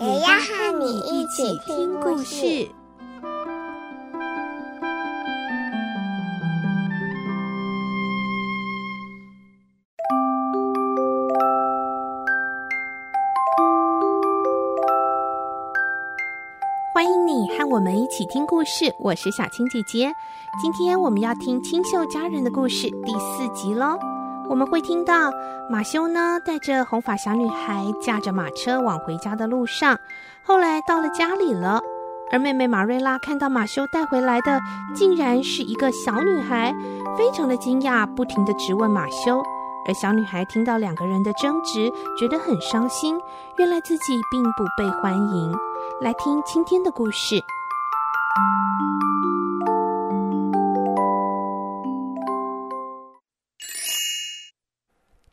也要和你一起聽故事。故事。歡迎你和我們一起聽故事，我是小青姐姐。今天我們要聽《清秀佳人》的故事第四集嘍。我們會聽到馬修呢，帶着紅髮小女孩，駕着馬車往回家的路上。後來到了家裡了，而妹妹馬瑞拉看到馬修帶回來的，竟然是一個小女孩，非常的驚訝，不停地質問馬修。而小女孩聽到兩個人的爭執，覺得很傷心，原來自己並不被歡迎。來聽今天的故事。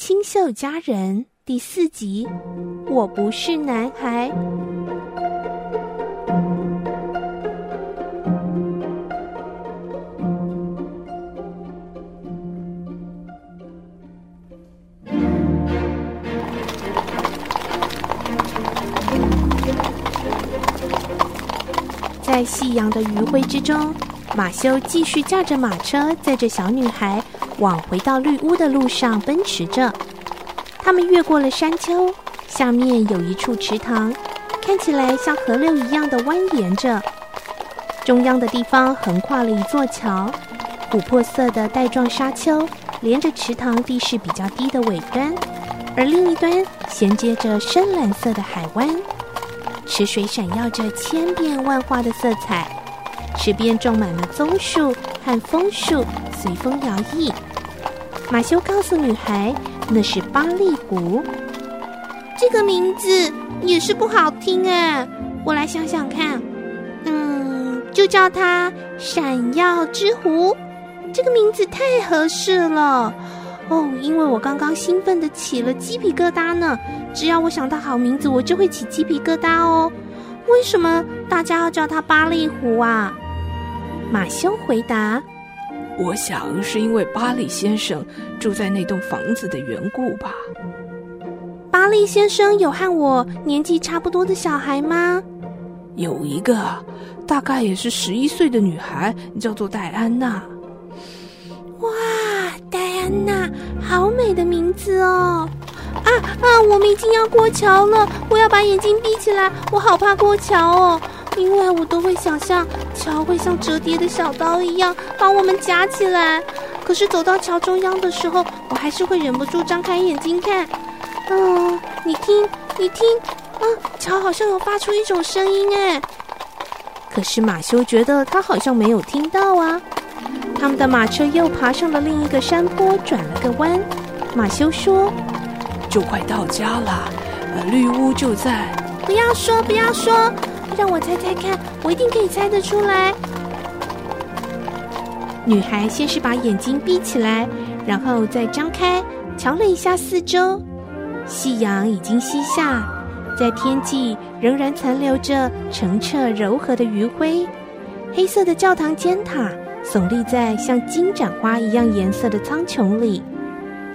《清秀佳人》第四集，我不是男孩。在夕陽的餘暉之中，馬修繼續駕着馬車，載著小女孩。往回到綠屋的路上奔馳着，他們越過了山丘，下面有一處池塘，看起來像河流一樣的蜿蜒着。中央的地方橫跨了一座橋，琥珀色的帶狀沙丘連着池塘地勢比較低的尾端，而另一端銜接着深藍色的海灣。池水閃耀着千變萬化的色彩，池邊種滿了棕樹和楓樹，隨風搖曳。馬修告訴女孩：“那是巴利湖，這個名字也是不好聽誒、啊，我來想想看，嗯，就叫它閃耀之湖，這個名字太合適了。哦，因為我剛剛興奮地起了雞皮疙瘩呢。只要我想到好名字，我就會起雞皮疙瘩哦。為什麼大家要叫它巴利湖啊？”馬修回答。我想是因為巴利先生住在那棟房子的緣故吧。巴利先生有和我年紀差不多的小孩嗎？有一個，大概也是十一歲的女孩，叫做戴安娜。哇，戴安娜，好美的名字哦！啊啊，我們已經要過橋了，我要把眼睛閉起來，我好怕過橋哦。因為我都會想象橋會像折疊的小刀一樣把我們夾起來，可是走到橋中央的時候，我還是會忍不住張開眼睛看。嗯，你聽，你聽，啊，橋好像有發出一種聲音哎。可是馬修覺得他好像沒有聽到啊。他們的馬車又爬上了另一個山坡，轉了個彎。馬修說：“就快到家了，呃，綠屋就在。”不要說，不要說。讓我猜猜看，我一定可以猜得出來。女孩先是把眼睛閉起來，然後再張開，瞧了一下四周。夕陽已經西下，在天際仍然殘留着澄澈柔和的餘暉。黑色的教堂尖塔聳立在像金盞花一樣顏色的蒼穹裡，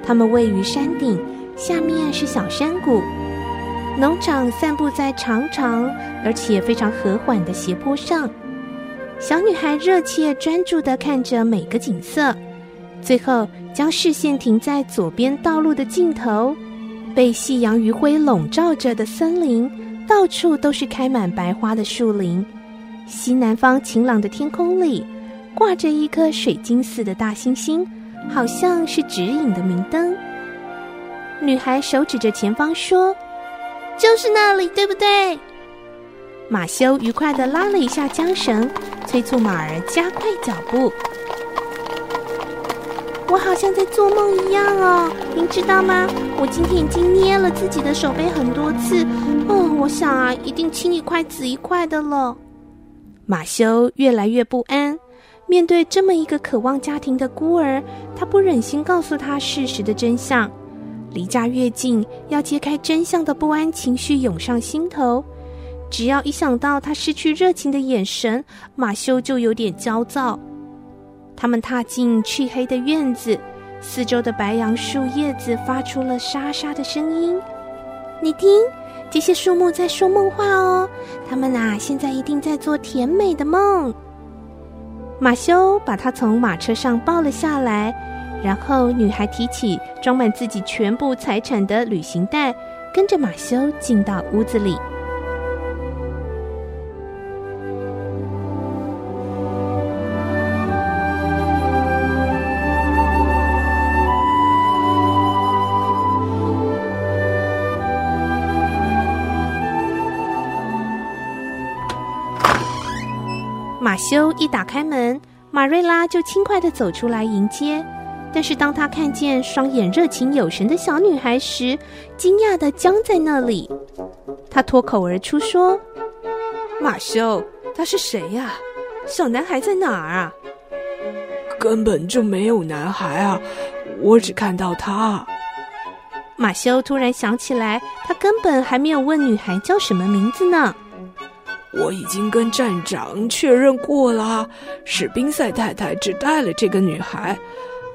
它們位於山頂，下面是小山谷。農場散布在長長而且非常和緩的斜坡上，小女孩熱切專注地看着每個景色，最後將視線停在左邊道路的盡頭，被夕陽餘暉籠罩着的森林，到處都是開滿白花的樹林。西南方晴朗的天空裡，掛着一顆水晶似的大星星，好像是指引的明燈。女孩手指着前方說。就是那裡，對不對？馬修愉快地拉了一下韁繩，催促馬兒加快腳步。我好像在做夢一樣哦，您知道嗎？我今天已經捏了自己的手背很多次，嗯、哦，我想啊，一定青一塊紫一塊的了。馬修越來越不安，面對這麼一個渴望家庭的孤兒，他不忍心告訴他事實的真相。離家越近，要揭開真相的不安情緒湧上心頭。只要一想到他失去熱情的眼神，馬修就有點焦躁。他們踏進漆黑的院子，四周的白楊樹葉子發出了沙沙的聲音。你聽，這些樹木在說夢話哦。他們啊，現在一定在做甜美的夢。馬修把他從馬車上抱了下來。然後，女孩提起裝滿自己全部財產的旅行袋，跟着馬修進到屋子裡。馬修一打開門，馬瑞拉就輕快的走出來迎接。但是當他看見雙眼熱情有神的小女孩時，驚訝地僵在那裡。他脫口而出說：“馬修，她是誰呀？小男孩在哪兒啊？”根本就沒有男孩啊！我只看到她。馬修突然想起來，他根本還沒有問女孩叫什麼名字呢。我已經跟站長確認過了，史賓塞太太只帶了這個女孩。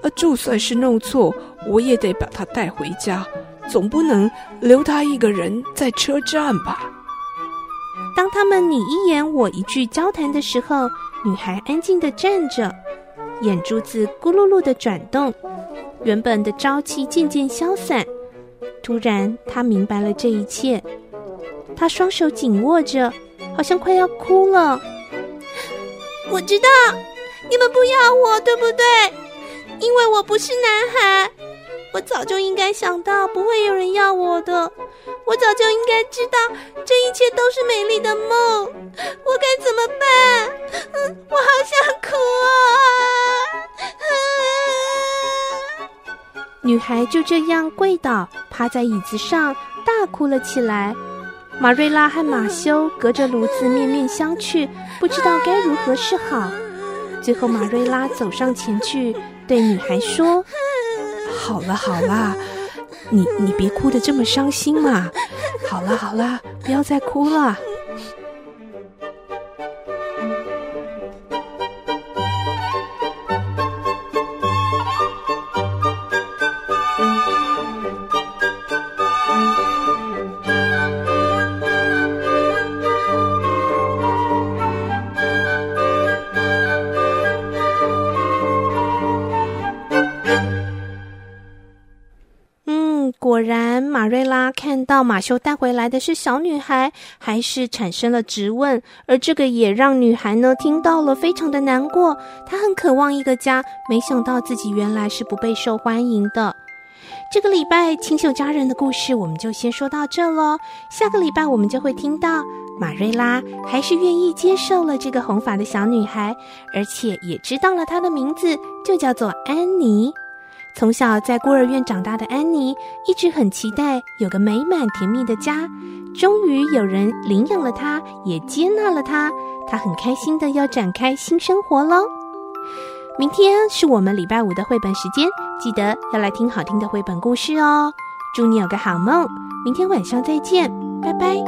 啊，就算是弄錯，我也得把他帶回家，總不能留他一個人在車站吧。當他們你一言我一句交談的時候，女孩安靜地站着，眼珠子咕嚕嚕的轉動，原本的朝氣漸漸消散。突然，她明白了這一切，她雙手緊握着，好像快要哭了。我知道，你們不要我，對不對？因為我不是男孩，我早就應該想到不會有人要我的，我早就應該知道這一切都是美麗的夢，我該怎麼辦？嗯，我好想哭啊！啊。女孩就這樣跪倒，趴在椅子上大哭了起來。馬瑞拉和馬修隔着爐子面面相覷，不知道該如何是好。最後，馬瑞拉走上前去。對女孩說：“好了好了，你你別哭得這麼傷心嘛，好了好了，不要再哭了。”馬瑞拉看到馬修帶回來的是小女孩，還是產生了質問，而這個也讓女孩呢聽到了，非常的難過。她很渴望一個家，沒想到自己原來是不被受歡迎的。這個禮拜《清秀佳人》的故事我們就先說到這嘍。下個禮拜我們就會聽到馬瑞拉還是願意接受了這個紅髮的小女孩，而且也知道了她的名字，就叫做安妮。從小在孤兒院長大的安妮，一直很期待有個美滿甜蜜的家。終於有人領養了她，也接納了她，她很開心的要展開新生活嘍。明天是我們禮拜五的繪本時間，記得要來聽好聽的繪本故事哦。祝你有個好夢，明天晚上再見，拜拜。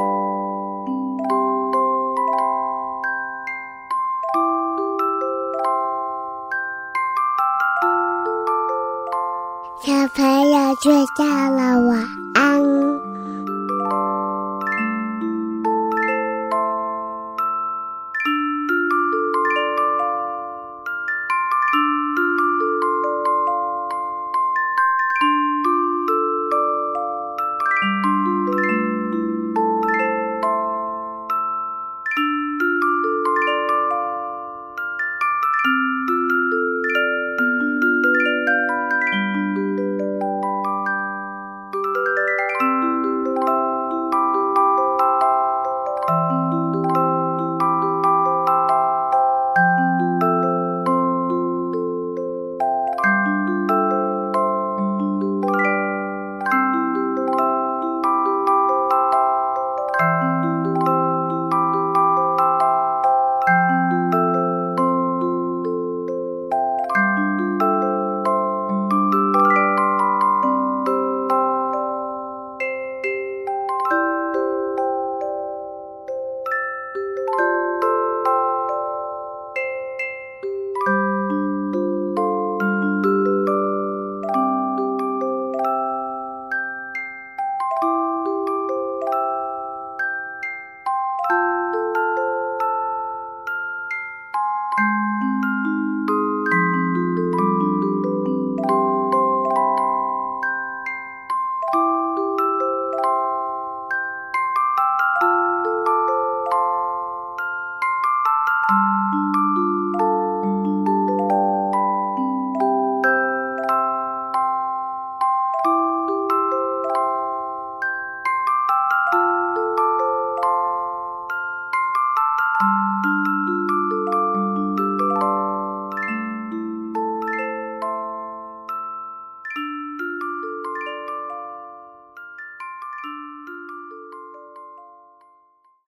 小朋友睡覺了哇。